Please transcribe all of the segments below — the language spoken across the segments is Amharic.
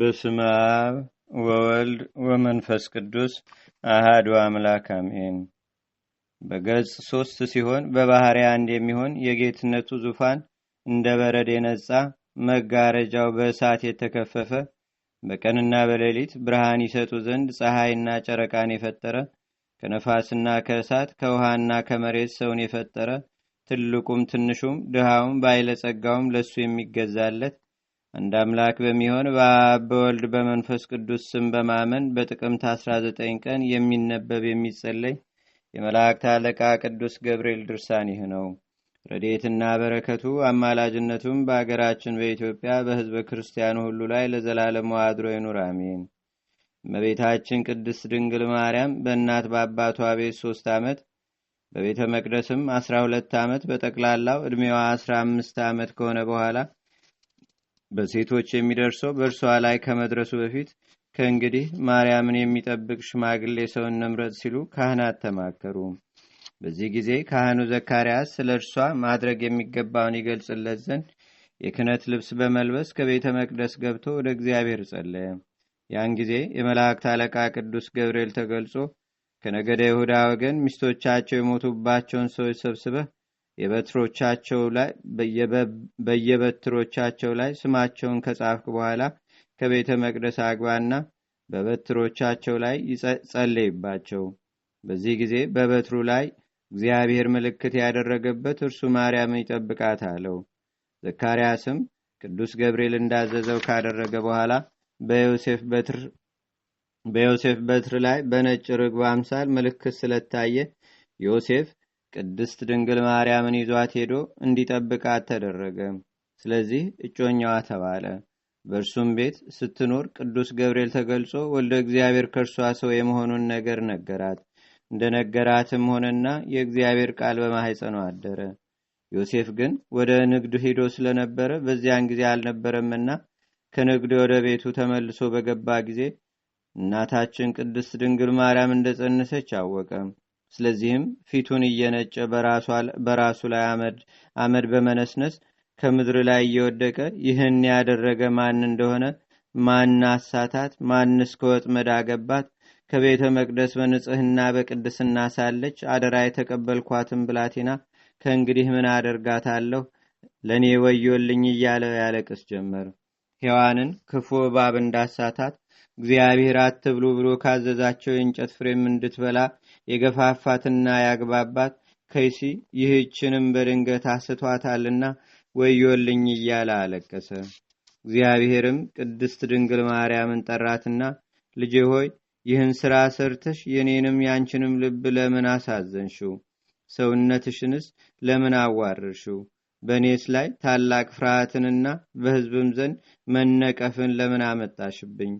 በስመ አብ ወወልድ ወመንፈስ ቅዱስ አህዱ አምላክ አሜን። በገጽ ሶስት ሲሆን በባህሪ አንድ የሚሆን የጌትነቱ ዙፋን እንደ በረድ የነጻ መጋረጃው በእሳት የተከፈፈ በቀንና በሌሊት ብርሃን ይሰጡ ዘንድ ፀሐይና ጨረቃን የፈጠረ ከነፋስና ከእሳት ከውሃና ከመሬት ሰውን የፈጠረ ትልቁም ትንሹም ድሃውም ባይለጸጋውም ለሱ የሚገዛለት አንድ አምላክ በሚሆን በአብ በወልድ በመንፈስ ቅዱስ ስም በማመን በጥቅምት 19 ቀን የሚነበብ የሚጸለይ የመላእክት አለቃ ቅዱስ ገብርኤል ድርሳን ይህ ነው። ረዴትና በረከቱ አማላጅነቱም በአገራችን በኢትዮጵያ በሕዝበ ክርስቲያኑ ሁሉ ላይ ለዘላለም አድሮ ይኑር፣ አሜን። እመቤታችን ቅድስት ድንግል ማርያም በእናት በአባቷ ቤት ሶስት ዓመት በቤተ መቅደስም አስራ ሁለት ዓመት በጠቅላላው ዕድሜዋ አስራ አምስት ዓመት ከሆነ በኋላ በሴቶች የሚደርሰው በእርሷ ላይ ከመድረሱ በፊት ከእንግዲህ ማርያምን የሚጠብቅ ሽማግሌ ሰው እንምረጥ ሲሉ ካህናት ተማከሩ። በዚህ ጊዜ ካህኑ ዘካርያስ ስለ እርሷ ማድረግ የሚገባውን ይገልጽለት ዘንድ የክህነት ልብስ በመልበስ ከቤተ መቅደስ ገብቶ ወደ እግዚአብሔር ጸለየ። ያን ጊዜ የመላእክት አለቃ ቅዱስ ገብርኤል ተገልጾ ከነገደ ይሁዳ ወገን ሚስቶቻቸው የሞቱባቸውን ሰዎች ሰብስበህ የበትሮቻቸው በየበትሮቻቸው ላይ ስማቸውን ከጻፍክ በኋላ ከቤተ መቅደስ አግባና በበትሮቻቸው ላይ ጸለይባቸው። በዚህ ጊዜ በበትሩ ላይ እግዚአብሔር ምልክት ያደረገበት እርሱ ማርያምን ይጠብቃት አለው። ዘካርያስም ቅዱስ ገብርኤል እንዳዘዘው ካደረገ በኋላ በዮሴፍ በትር ላይ በነጭ ርግብ አምሳል ምልክት ስለታየ ዮሴፍ ቅድስት ድንግል ማርያምን ይዟት ሄዶ እንዲጠብቃት ተደረገ። ስለዚህ እጮኛዋ ተባለ። በእርሱም ቤት ስትኖር ቅዱስ ገብርኤል ተገልጾ ወልደ እግዚአብሔር ከእርሷ ሰው የመሆኑን ነገር ነገራት። እንደ ነገራትም ሆነና የእግዚአብሔር ቃል በማሕፀኗ አደረ። ዮሴፍ ግን ወደ ንግዱ ሄዶ ስለነበረ በዚያን ጊዜ አልነበረምና ከንግዱ ወደ ቤቱ ተመልሶ በገባ ጊዜ እናታችን ቅድስት ድንግል ማርያም እንደጸነሰች አወቀም። ስለዚህም ፊቱን እየነጨ በራሱ ላይ አመድ በመነስነስ ከምድር ላይ እየወደቀ ይህን ያደረገ ማን እንደሆነ ማን አሳታት ማን እስከ ወጥመድ አገባት ከቤተ መቅደስ በንጽህና በቅድስና ሳለች አደራ የተቀበልኳትን ብላቴና ከእንግዲህ ምን አደርጋታለሁ ለእኔ ወዮልኝ እያለ ያለቅስ ጀመር ሔዋንን ክፉ እባብ እንዳሳታት እግዚአብሔር አትብሉ ብሎ ካዘዛቸው የእንጨት ፍሬም እንድትበላ የገፋፋትና ያግባባት ከይሲ ይህችንም በድንገት አስቷታልና ወዮልኝ እያለ አለቀሰ። እግዚአብሔርም ቅድስት ድንግል ማርያምን ጠራትና ልጄ ሆይ ይህን ሥራ ሰርተሽ የኔንም ያንቺንም ልብ ለምን አሳዘንሽው? ሰውነትሽንስ ለምን አዋርርሽው? በእኔስ ላይ ታላቅ ፍርሃትንና በሕዝብም ዘንድ መነቀፍን ለምን አመጣሽብኝ?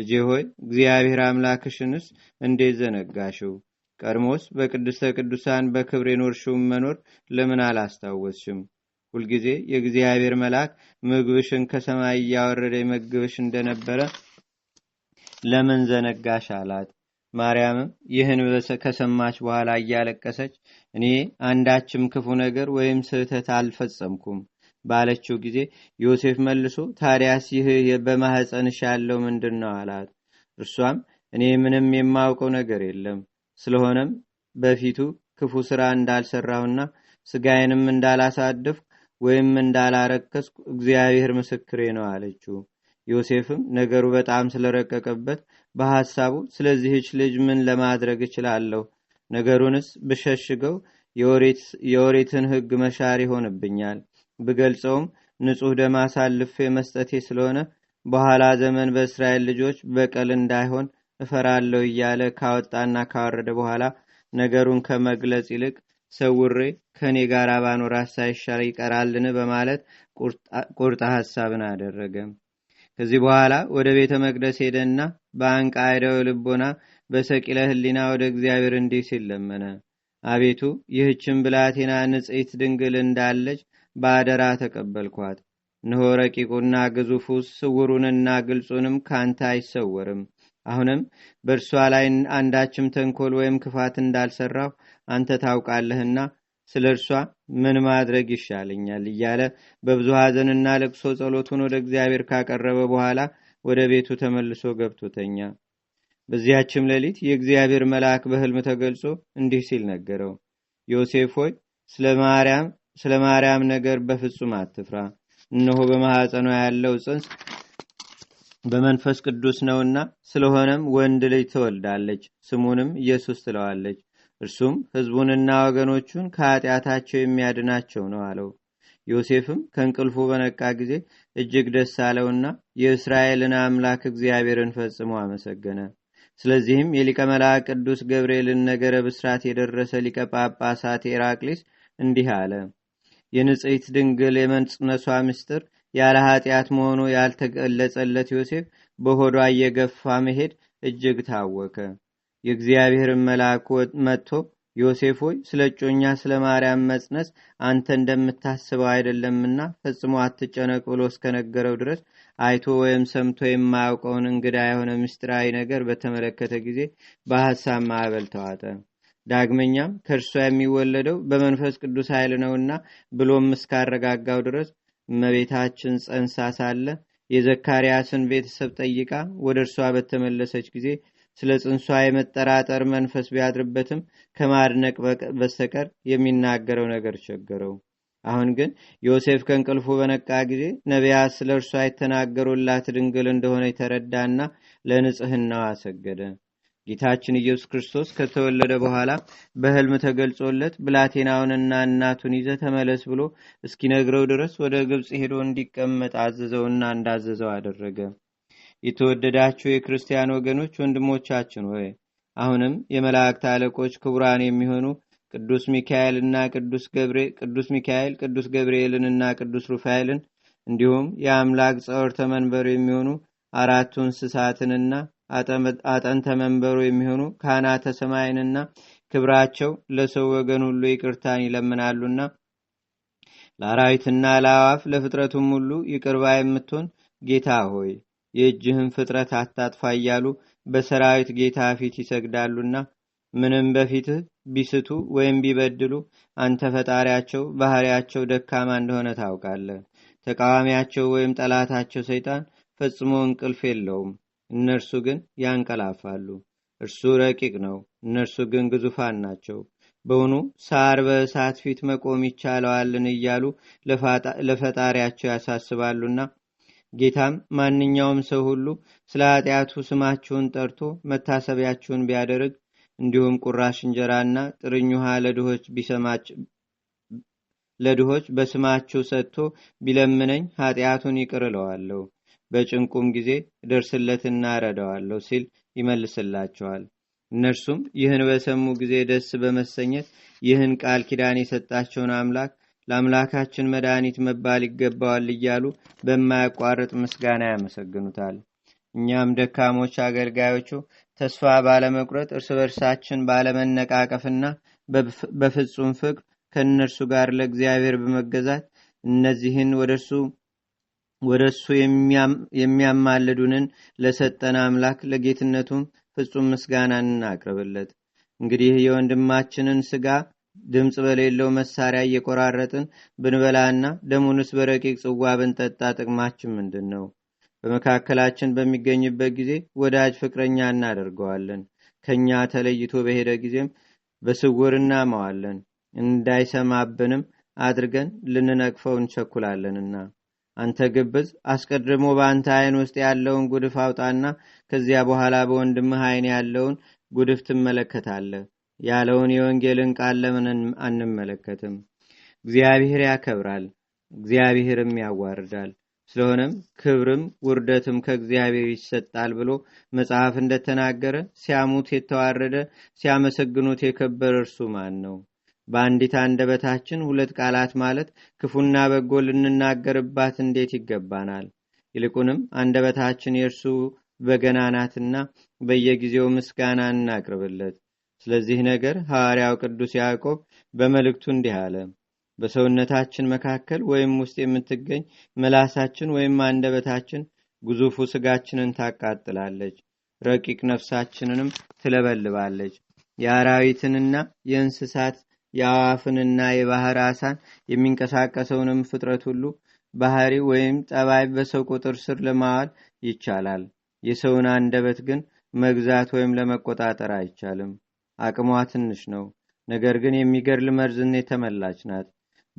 ልጄ ሆይ እግዚአብሔር አምላክሽንስ እንዴት ዘነጋሽው? ቀድሞስ በቅድስተ ቅዱሳን በክብር የኖርሽውን መኖር ለምን አላስታወስሽም? ሁልጊዜ የእግዚአብሔር መልአክ ምግብሽን ከሰማይ እያወረደ መግብሽ እንደነበረ ለምን ዘነጋሽ አላት። ማርያምም ይህን ከሰማች በኋላ እያለቀሰች እኔ አንዳችም ክፉ ነገር ወይም ስህተት አልፈጸምኩም ባለችው ጊዜ ዮሴፍ መልሶ ታዲያስ ይህ በማህፀንሽ ያለው ምንድን ነው አላት። እርሷም እኔ ምንም የማውቀው ነገር የለም ስለሆነም በፊቱ ክፉ ስራ እንዳልሰራሁና ስጋዬንም እንዳላሳደፍ ወይም እንዳላረከስኩ እግዚአብሔር ምስክሬ ነው አለችው። ዮሴፍም ነገሩ በጣም ስለረቀቀበት በሐሳቡ ስለዚህች ልጅ ምን ለማድረግ እችላለሁ? ነገሩንስ ብሸሽገው የወሬትን ህግ መሻር ይሆንብኛል። ብገልጸውም ንጹሕ ደም አሳልፌ መስጠቴ ስለሆነ በኋላ ዘመን በእስራኤል ልጆች በቀል እንዳይሆን እፈራለሁ እያለ ካወጣና ካወረደ በኋላ ነገሩን ከመግለጽ ይልቅ ሰውሬ ከእኔ ጋር ባኖራት ሳይሻል ይቀራልን በማለት ቁርጥ ሀሳብን አደረገ። ከዚህ በኋላ ወደ ቤተ መቅደስ ሄደና አይደው ልቦና በሰቂለ ሕሊና ወደ እግዚአብሔር እንዲህ ሲል ለመነ። አቤቱ ይህችን ብላቴና ንጽሕት ድንግል እንዳለች በአደራ ተቀበልኳት። ንሆ ረቂቁና ግዙፉ ስውሩንና ግልጹንም ካንተ አይሰወርም። አሁንም በእርሷ ላይ አንዳችም ተንኮል ወይም ክፋት እንዳልሰራሁ አንተ ታውቃለህና ስለ እርሷ ምን ማድረግ ይሻለኛል እያለ በብዙ ሐዘንና ለቅሶ ጸሎቱን ወደ እግዚአብሔር ካቀረበ በኋላ ወደ ቤቱ ተመልሶ ገብቶተኛ በዚያችም ሌሊት የእግዚአብሔር መልአክ በህልም ተገልጾ እንዲህ ሲል ነገረው ዮሴፍ ሆይ ስለ ማርያም ነገር በፍጹም አትፍራ እነሆ በማሐፀኗ ያለው ጽንስ በመንፈስ ቅዱስ ነውና ስለሆነም ወንድ ልጅ ትወልዳለች ስሙንም ኢየሱስ ትለዋለች እርሱም ህዝቡንና ወገኖቹን ከኃጢአታቸው የሚያድናቸው ነው አለው ዮሴፍም ከእንቅልፉ በነቃ ጊዜ እጅግ ደስ አለውና የእስራኤልን አምላክ እግዚአብሔርን ፈጽሞ አመሰገነ ስለዚህም የሊቀ መልአክ ቅዱስ ገብርኤልን ነገረ ብስራት የደረሰ ሊቀ ጳጳሳት ኤራቅሊስ እንዲህ አለ የንጽሕት ድንግል የመጽነሷ ምስጢር ያለ ኃጢአት መሆኑ ያልተገለጸለት ዮሴፍ በሆዷ እየገፋ መሄድ እጅግ ታወከ። የእግዚአብሔርን መልአክ መጥቶ ዮሴፍ ሆይ ስለ እጮኛ ስለ ማርያም መጽነስ አንተ እንደምታስበው አይደለምና ፈጽሞ አትጨነቅ ብሎ እስከነገረው ድረስ አይቶ ወይም ሰምቶ የማያውቀውን እንግዳ የሆነ ምስጢራዊ ነገር በተመለከተ ጊዜ በሐሳብ ማዕበል ተዋጠ። ዳግመኛም ከእርሷ የሚወለደው በመንፈስ ቅዱስ ኃይል ነውና ብሎም እስካረጋጋው ድረስ እመቤታችን ጸንሳ ሳለ የዘካርያስን ቤተሰብ ጠይቃ ወደ እርሷ በተመለሰች ጊዜ ስለ ጽንሷ የመጠራጠር መንፈስ ቢያድርበትም ከማድነቅ በስተቀር የሚናገረው ነገር ቸገረው። አሁን ግን ዮሴፍ ከእንቅልፉ በነቃ ጊዜ ነቢያት ስለ እርሷ የተናገሩላት ድንግል እንደሆነ የተረዳና ለንጽህናው አሰገደ። ጌታችን ኢየሱስ ክርስቶስ ከተወለደ በኋላ በህልም ተገልጾለት ብላቴናውንና እናቱን ይዘ ተመለስ ብሎ እስኪነግረው ድረስ ወደ ግብፅ ሄዶ እንዲቀመጥ አዘዘውና እንዳዘዘው አደረገ። የተወደዳችሁ የክርስቲያን ወገኖች፣ ወንድሞቻችን ሆይ አሁንም የመላእክት አለቆች ክቡራን የሚሆኑ ቅዱስ ሚካኤልና ቅዱስ ቅዱስ ሚካኤል ቅዱስ ገብርኤልንና ቅዱስ ሩፋኤልን እንዲሁም የአምላክ ጸወር መንበር የሚሆኑ አራቱ እንስሳትንና አጠንተ መንበሩ የሚሆኑ ካህናተ ሰማይንና ክብራቸው ለሰው ወገን ሁሉ ይቅርታን ይለምናሉና ለአራዊትና ለአዋፍ ለፍጥረቱም ሁሉ ይቅርባ የምትሆን ጌታ ሆይ የእጅህን ፍጥረት አታጥፋ እያሉ በሰራዊት ጌታ ፊት ይሰግዳሉና ምንም በፊትህ ቢስቱ ወይም ቢበድሉ አንተ ፈጣሪያቸው ባህሪያቸው ደካማ እንደሆነ ታውቃለህ ተቃዋሚያቸው ወይም ጠላታቸው ሰይጣን ፈጽሞ እንቅልፍ የለውም እነርሱ ግን ያንቀላፋሉ። እርሱ ረቂቅ ነው፣ እነርሱ ግን ግዙፋን ናቸው። በውኑ ሳር በእሳት ፊት መቆም ይቻለዋልን እያሉ ለፈጣሪያቸው ያሳስባሉና ጌታም ማንኛውም ሰው ሁሉ ስለ ኃጢአቱ ስማችሁን ጠርቶ መታሰቢያችሁን ቢያደርግ እንዲሁም ቁራሽ እንጀራና ጥርኝ ውሃ ለድሆች በስማችሁ ሰጥቶ ቢለምነኝ ኃጢአቱን ይቅር እለዋለሁ በጭንቁም ጊዜ ደርስለትና እረዳዋለሁ ሲል ይመልስላቸዋል። እነርሱም ይህን በሰሙ ጊዜ ደስ በመሰኘት ይህን ቃል ኪዳን የሰጣቸውን አምላክ ለአምላካችን መድኃኒት መባል ይገባዋል እያሉ በማያቋርጥ ምስጋና ያመሰግኑታል። እኛም ደካሞች አገልጋዮቹ ተስፋ ባለመቁረጥ እርስ በርሳችን ባለመነቃቀፍና በፍጹም ፍቅር ከእነርሱ ጋር ለእግዚአብሔር በመገዛት እነዚህን ወደ እርሱ ወደ እሱ የሚያማልዱንን ለሰጠን አምላክ ለጌትነቱም ፍጹም ምስጋና እናቅርብለት። እንግዲህ የወንድማችንን ስጋ ድምፅ በሌለው መሳሪያ እየቆራረጥን ብንበላና ደሙንስ በረቂቅ ጽዋ ብንጠጣ ጥቅማችን ምንድን ነው? በመካከላችን በሚገኝበት ጊዜ ወዳጅ ፍቅረኛ እናደርገዋለን። ከእኛ ተለይቶ በሄደ ጊዜም በስውር እናማዋለን። እንዳይሰማብንም አድርገን ልንነቅፈው እንቸኩላለንና አንተ ግብዝ፣ አስቀድሞ በአንተ አይን ውስጥ ያለውን ጉድፍ አውጣና ከዚያ በኋላ በወንድምህ አይን ያለውን ጉድፍ ትመለከታለህ ያለውን የወንጌልን ቃል ለምን አንመለከትም? እግዚአብሔር ያከብራል፣ እግዚአብሔርም ያዋርዳል። ስለሆነም ክብርም ውርደትም ከእግዚአብሔር ይሰጣል ብሎ መጽሐፍ እንደተናገረ ሲያሙት የተዋረደ ሲያመሰግኑት የከበረ እርሱ ማን ነው? በአንዲት አንደበታችን ሁለት ቃላት ማለት ክፉና በጎ ልንናገርባት እንዴት ይገባናል? ይልቁንም አንደበታችን የእርሱ በገናናትና በየጊዜው ምስጋና እናቅርብለት። ስለዚህ ነገር ሐዋርያው ቅዱስ ያዕቆብ በመልእክቱ እንዲህ አለ። በሰውነታችን መካከል ወይም ውስጥ የምትገኝ መላሳችን ወይም አንደበታችን ግዙፉ ስጋችንን ታቃጥላለች፣ ረቂቅ ነፍሳችንንም ትለበልባለች። የአራዊትንና የእንስሳት የአዋፍንና የባህር አሳን የሚንቀሳቀሰውንም ፍጥረት ሁሉ ባህሪ ወይም ጠባይ በሰው ቁጥር ስር ለማዋል ይቻላል። የሰውን አንደበት ግን መግዛት ወይም ለመቆጣጠር አይቻልም። አቅሟ ትንሽ ነው፣ ነገር ግን የሚገድል መርዝን የተመላች ናት።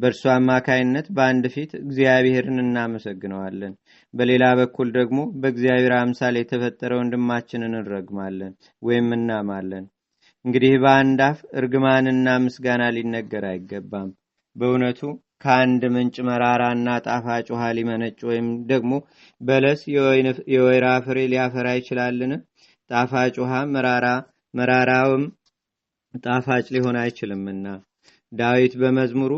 በእርሱ አማካይነት በአንድ ፊት እግዚአብሔርን እናመሰግነዋለን፣ በሌላ በኩል ደግሞ በእግዚአብሔር አምሳል የተፈጠረ ወንድማችንን እንረግማለን ወይም እናማለን። እንግዲህ በአንድ አፍ እርግማንና ምስጋና ሊነገር አይገባም። በእውነቱ ከአንድ ምንጭ መራራና ጣፋጭ ውሃ ሊመነጭ ወይም ደግሞ በለስ የወይራ ፍሬ ሊያፈራ ይችላልን? ጣፋጭ ውሃ መራራውም ጣፋጭ ሊሆን አይችልምና ዳዊት በመዝሙሩ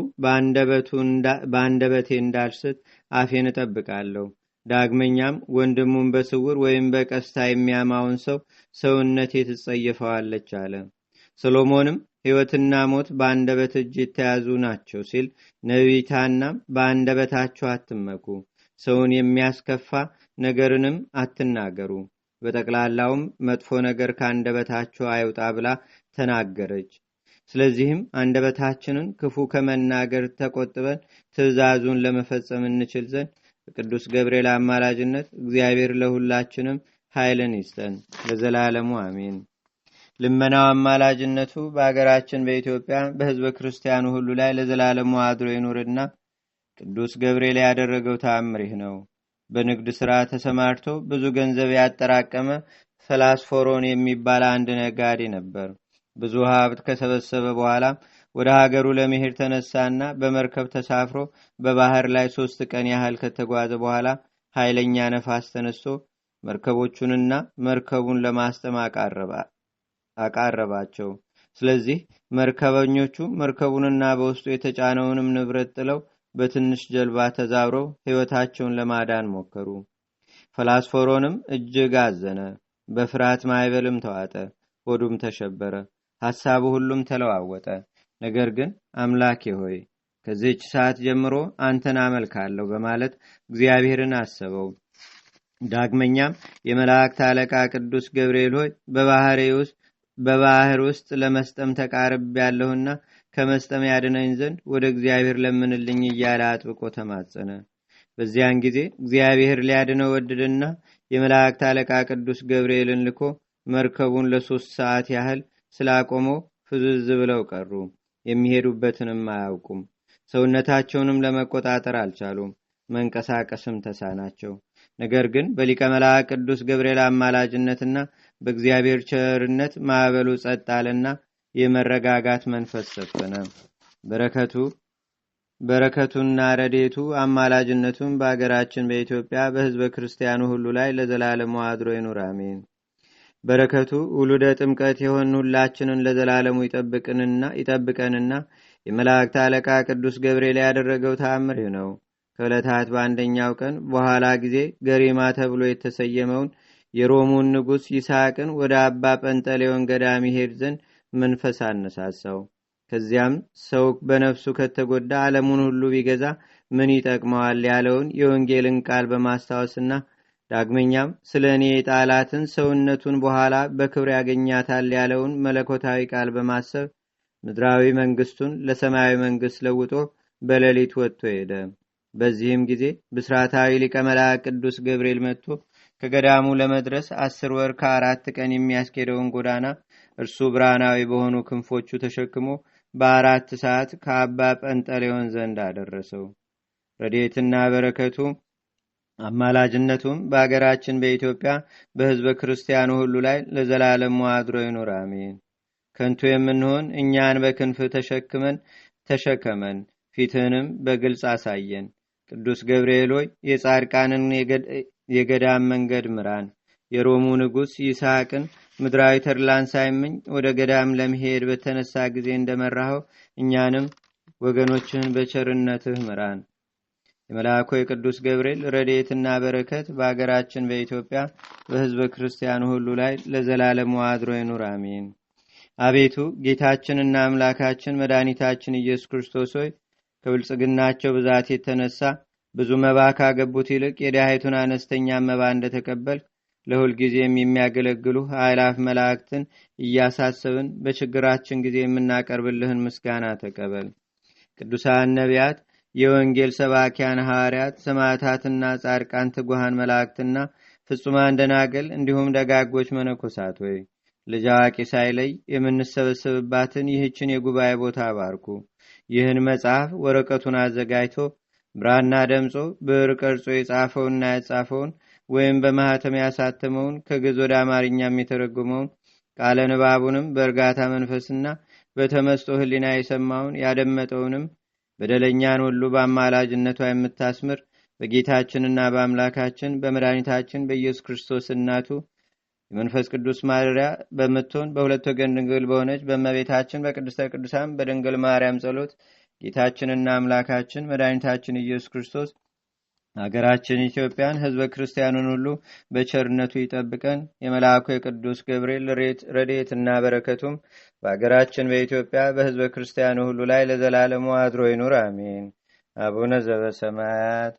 በአንደበቴ እንዳልስት አፌን እጠብቃለሁ። ዳግመኛም ወንድሙን በስውር ወይም በቀስታ የሚያማውን ሰው ሰውነቴ ትጸየፈዋለች አለ። ሰሎሞንም ሕይወትና ሞት በአንደበት እጅ የተያዙ ናቸው ሲል ነቢይታና በአንደበታችሁ አትመኩ፣ ሰውን የሚያስከፋ ነገርንም አትናገሩ፣ በጠቅላላውም መጥፎ ነገር ከአንደበታችሁ አይውጣ ብላ ተናገረች። ስለዚህም አንደበታችንን ክፉ ከመናገር ተቆጥበን ትእዛዙን ለመፈጸም እንችል ዘንድ በቅዱስ ገብርኤል አማላጅነት እግዚአብሔር ለሁላችንም ኃይልን ይስጠን። ለዘላለሙ አሜን። ልመናው አማላጅነቱ በአገራችን በኢትዮጵያ በህዝበ ክርስቲያኑ ሁሉ ላይ ለዘላለሙ አድሮ ይኑርና ቅዱስ ገብርኤል ያደረገው ተአምር ይህ ነው። በንግድ ሥራ ተሰማርቶ ብዙ ገንዘብ ያጠራቀመ ፈላስፎሮን የሚባል አንድ ነጋዴ ነበር። ብዙ ሀብት ከሰበሰበ በኋላ ወደ ሀገሩ ለመሄድ ተነሳና በመርከብ ተሳፍሮ በባህር ላይ ሶስት ቀን ያህል ከተጓዘ በኋላ ኃይለኛ ነፋስ ተነስቶ መርከቦቹንና መርከቡን ለማስጠም አቃረባቸው። ስለዚህ መርከበኞቹ መርከቡንና በውስጡ የተጫነውንም ንብረት ጥለው በትንሽ ጀልባ ተዛብረው ሕይወታቸውን ለማዳን ሞከሩ። ፈላስፎሮንም እጅግ አዘነ፣ በፍርሃት ማዕበልም ተዋጠ፣ ሆዱም ተሸበረ፣ ሐሳቡ ሁሉም ተለዋወጠ። ነገር ግን አምላኬ ሆይ ከዚህች ሰዓት ጀምሮ አንተን አመልካለሁ በማለት እግዚአብሔርን አሰበው። ዳግመኛም የመላእክት አለቃ ቅዱስ ገብርኤል ሆይ በባሕሬ ውስጥ በባህር ውስጥ ለመስጠም ተቃርብ ያለሁና ከመስጠም ያድነኝ ዘንድ ወደ እግዚአብሔር ለምንልኝ እያለ አጥብቆ ተማጸነ። በዚያን ጊዜ እግዚአብሔር ሊያድነው ወድድና የመላእክት አለቃ ቅዱስ ገብርኤልን ልኮ መርከቡን ለሶስት ሰዓት ያህል ስላቆመው ፍዝዝ ብለው ቀሩ። የሚሄዱበትንም አያውቁም። ሰውነታቸውንም ለመቆጣጠር አልቻሉም። መንቀሳቀስም ተሳናቸው። ነገር ግን በሊቀ መልአክ ቅዱስ ገብርኤል አማላጅነትና በእግዚአብሔር ቸርነት ማዕበሉ ጸጥ አለና የመረጋጋት መንፈስ ሰፈነ። በረከቱ በረከቱና ረዴቱ አማላጅነቱም በአገራችን በኢትዮጵያ በህዝበ ክርስቲያኑ ሁሉ ላይ ለዘላለሙ አድሮ ይኑር፣ አሜን። በረከቱ ውሉደ ጥምቀት የሆን ሁላችንን ለዘላለሙ ይጠብቀንና የመላእክት አለቃ ቅዱስ ገብርኤል ያደረገው ተአምር ነው። ከዕለታት በአንደኛው ቀን በኋላ ጊዜ ገሪማ ተብሎ የተሰየመውን የሮሙን ንጉሥ ይስሐቅን ወደ አባ ጰንጠሌዎን ገዳም ይሄድ ዘንድ መንፈስ አነሳሳው። ከዚያም ሰው በነፍሱ ከተጎዳ ዓለሙን ሁሉ ቢገዛ ምን ይጠቅመዋል ያለውን የወንጌልን ቃል በማስታወስና ዳግመኛም ስለ እኔ የጣላትን ሰውነቱን በኋላ በክብር ያገኛታል ያለውን መለኮታዊ ቃል በማሰብ ምድራዊ መንግስቱን ለሰማያዊ መንግስት ለውጦ በሌሊት ወጥቶ ሄደ። በዚህም ጊዜ ብስራታዊ ሊቀ መላእክት ቅዱስ ገብርኤል መጥቶ ከገዳሙ ለመድረስ አስር ወር ከአራት ቀን የሚያስኬደውን ጎዳና እርሱ ብርሃናዊ በሆኑ ክንፎቹ ተሸክሞ በአራት ሰዓት ከአባ ጰንጠሌዎን ዘንድ አደረሰው። ረዴትና በረከቱ አማላጅነቱም በአገራችን በኢትዮጵያ በህዝበ ክርስቲያኑ ሁሉ ላይ ለዘላለም አድሮ ይኑር፣ አሜን። ከንቱ የምንሆን እኛን በክንፍ ተሸክመን ተሸከመን፣ ፊትህንም በግልጽ አሳየን። ቅዱስ ገብርኤል ሆይ የገዳም መንገድ ምራን። የሮሙ ንጉሥ ይስሐቅን ምድራዊ ተድላን ሳይመኝ ወደ ገዳም ለመሄድ በተነሳ ጊዜ እንደመራኸው እኛንም ወገኖችህን በቸርነትህ ምራን። የመልአኮ የቅዱስ ገብርኤል ረድኤትና በረከት በአገራችን በኢትዮጵያ በሕዝበ ክርስቲያኑ ሁሉ ላይ ለዘላለሙ አድሮ ይኑር፣ አሜን። አቤቱ ጌታችንና አምላካችን መድኃኒታችን ኢየሱስ ክርስቶስ ሆይ ከብልጽግናቸው ብዛት የተነሳ ብዙ መባ ካገቡት ይልቅ የድሃይቱን አነስተኛ መባ እንደተቀበል ለሁልጊዜም የሚያገለግሉ አይላፍ መላእክትን እያሳሰብን በችግራችን ጊዜ የምናቀርብልህን ምስጋና ተቀበል። ቅዱሳን ነቢያት፣ የወንጌል ሰባኪያን ሐዋርያት፣ ሰማዕታትና ጻድቃን፣ ትጉሃን መላእክትና ፍጹማን እንደናገል እንዲሁም ደጋጎች መነኮሳት ወይ ልጅ አዋቂ ሳይለይ የምንሰበሰብባትን ይህችን የጉባኤ ቦታ አባርኩ። ይህን መጽሐፍ ወረቀቱን አዘጋጅቶ ብራና ደምጾ ብዕር ቀርጾ የጻፈውንና ያጻፈውን ወይም በማህተም ያሳተመውን ከግዝ ወደ አማርኛም የተረጎመውን ቃለ ንባቡንም በእርጋታ መንፈስና በተመስጦ ህሊና የሰማውን ያደመጠውንም በደለኛን ሁሉ በአማላጅነቷ የምታስምር በጌታችንና በአምላካችን በመድኃኒታችን በኢየሱስ ክርስቶስ እናቱ የመንፈስ ቅዱስ ማደሪያ በምትሆን በሁለት ወገን ድንግል በሆነች በመቤታችን በቅድስተ ቅዱሳን በድንግል ማርያም ጸሎት ጌታችንና አምላካችን መድኃኒታችን ኢየሱስ ክርስቶስ ሀገራችን ኢትዮጵያን ህዝበ ክርስቲያኑን ሁሉ በቸርነቱ ይጠብቀን። የመልአኩ የቅዱስ ገብርኤል ረድኤትና በረከቱም በሀገራችን በኢትዮጵያ በህዝበ ክርስቲያኑ ሁሉ ላይ ለዘላለሙ አድሮ ይኑር፣ አሜን። አቡነ ዘበሰማያት